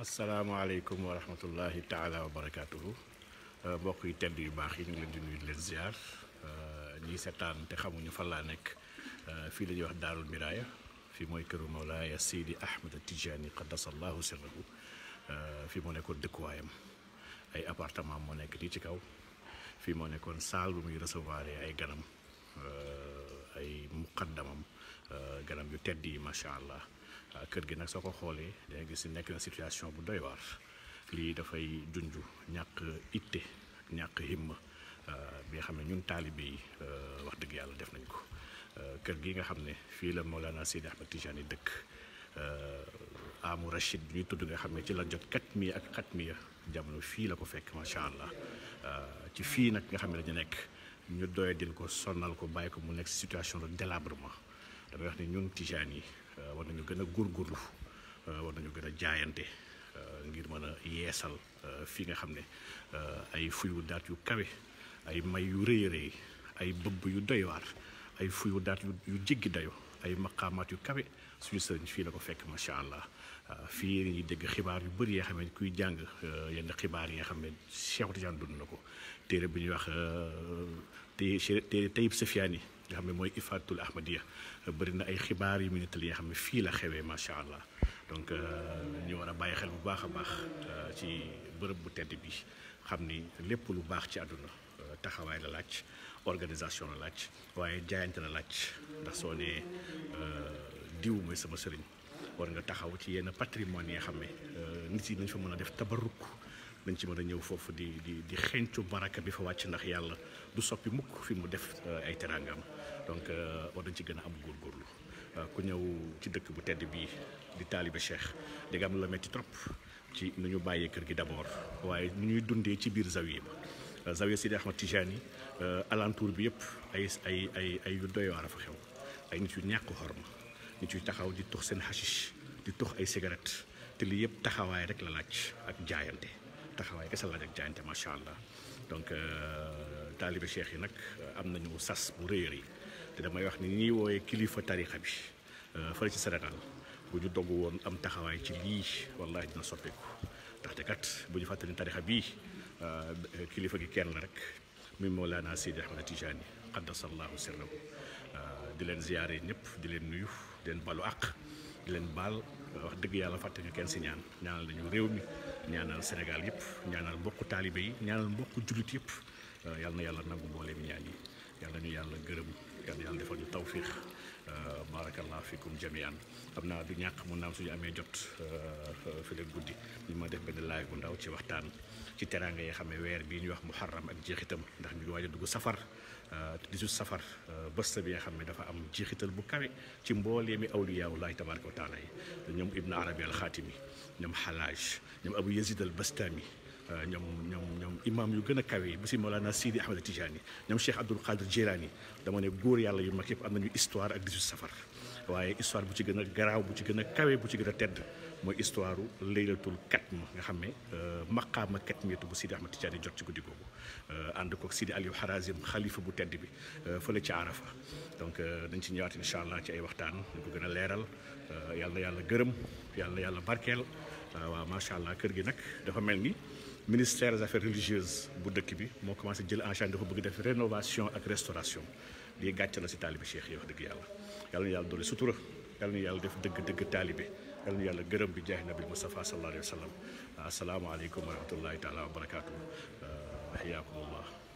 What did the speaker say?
asalaamaaleykum wa rahmatullahi taala wa barakaatuhu mbokk yi tedd yu baax yi ñu ngi leen di nuyu di leen ziar ñiy setaan te xamuñu fan laa nekk fii la ñuy wax daarul miraaya fii mooy këru Mawlaaya Seydi Ahmed Tijaani qaddasallahu sirrahu fii moo nekkoon dëkkuwaayam ay appartement moo nekk nii ci kaw fii moo nekkoon salle bu muy recevoir ay ganam ay muqaddamam ganam yu tedd yi macha allah. Euh, kër gi nag soo ko xoolee danga gis nekk na situation bu doy waar lii dafay junju ñàkk itte ñàq himma euh, bi nga xam ne ñun taalibe yi euh, wax dëgg yàlla def nañ ko kër gi nga xam ne fii la moo Mawlana Sidi Ahmed Tijani dëkk amu Rachid bi ñuy tudd nga xam ne ci la jot kat mi ak xat mi jamono fii la ko fekk macha allah ci fii nag nga xam ne dañu nekk ñu doy dil ko sonnal ko bàyyi ko mu nekk situation de délabrement damay wax ne ñun Tijani yi Euh, war nañu gën a góorgóorlu euh, war nañu gën a jaayante euh, ngir mën a yeesal fii nga xam ne ay fuyu daat yu kawe ay may yu rëy rëy ay bëbb yu doywaar ay fuyu daat yu jéggi dayo ay maqaamaat yu kawe suñu sëriñ fii na ko fekk macha allah fii la ñuy dégg xibaar yu bëri yoo xam ne kuy jàng yenn xibaar yi nga xam ne Cheikh Tidiane dund na ko téere bi ñuy wax tey Tayyib Safiani nga xam ne mooy ifadatul ahmadiya bëri na ay xibaar yu mu nettali yoo xam ne fii la xewee macha allah donc ñu war a bàyyi xel bu baax a baax ci bërëb bu tedd bi xam ni lépp lu baax ci àdduna taxawaay la laaj organisation la laaj waaye jaayante la laaj ndax soo nee diw mooy sama sëriñ war nga taxaw ci yenn patrimoine yi nga xam ne nit yi nañ fa mën a def tabarruk nañ ci mën a ñëw foofu di di di xencu baraka bi fa wàcc ndax yàlla du soppi mukk fi mu def euh, ay teraangaam donc euh, war dañ ci gën a am góorgóorlu euh, ku ñëw ci dëkk bu tedd bii di taalibe Cheikh di nga am la metti trop ci nu bàyyee kër gi d'abord waaye nu ñuy dundee ci biir zawiya ba zawiya Sidi Ahmad Tijani alantur bi yëpp ay ay ay ay yu doy waar a fa xew ay nit yu ñàkk xorma nit yu taxaw di tux seen hashish di tux ay cigarette te lii yëpp taxawaay rek la laaj ak jaayante kessa la rek ak ma sha allah donc talib cheikh yi nag am nañu sas bu rëy te damay wax ni ni woyé kilifa tarixa bi fa ci Sénégal bu ñu dogu won am taxaway ci li wallahi dina soppeeku ndaxte kat bu ñu fatali tarixa bi kilifa gi kenn la rek mi Mawlana sidi ahmed Tijani qaddasallahu sirrahu di len ziaré ñep di len nuyu di balu ak di leen baal eh, wax deug yalla fatte ñu kenn si ñaan ñaanal nañu rew mi ñaanal senegal yëpp ñaanal mbokk taalibe yi ñaanal mbokk julit yëpp eh, yalla na yalla nangu mbolé mi ñaan yi yalla ñu yalla gëreum yalla yalla defal ñu tawfiq eh, barakallahu fikum jamian amna du ñak mu naam suñu amé jot fi le guddi ñu ma def ben live bu ndaw ci waxtaan ci teranga yi xamé wër bi ñu wax muharram ak jeexitam ndax ñu ngi waaj safar 18 safar bés bi nga xam ne dafa am jeexital bu kawe ci mbooleemi awliyaawu laay tabaraka wa taala yi ñoom ibnu arabi al xaatimi ñoom xalaaj ñoom abu yazid al bastami ñoom ñoom ñoom imam yu gën a kawe ba si Mawlana Sidi Ahmed Tijani ñoom Cheikh Abdul Qadir Jilani dama ne góor yàlla yu mag yëpp am nañu histoire ak 18 safar waaye histoire bu ci gën a garaaw bu ci gën a kawe bu ci gën a tedd mooy histoire laylatul katma nga xam ne euh, maqaama katmiyatu bu Sidi Ahmad Tidiane jot ci guddi googu euh, ànd koog Sidi Aliou Harazim xalifa bu tedd bi euh, fële ci Arafa donc dañ ci ñëwaat incha allah ci ay waxtaan ñu ko gën a leeral yàlla na yàlla gërëm yàlla na yàlla barkeel waaw macha allah kër gi nag dafa mel ni. ministère des affaires religieuses bu dëkk bi moo commencé jël en charge dafa bëgg def rénovation ak restauration lii gàcce la si taalibi cheikh yi wax dëgg yàlla yàlla na yàlla doole sutura yàlla na yàlla def dëgg-dëgg taalibe yàlla na yàlla gërëm bi jaay nabi Mustafa sallallahu alayhi wa sallam asalaamaaleykum wa rahmatullahi taala wa barakaatu. ahiyaakumullah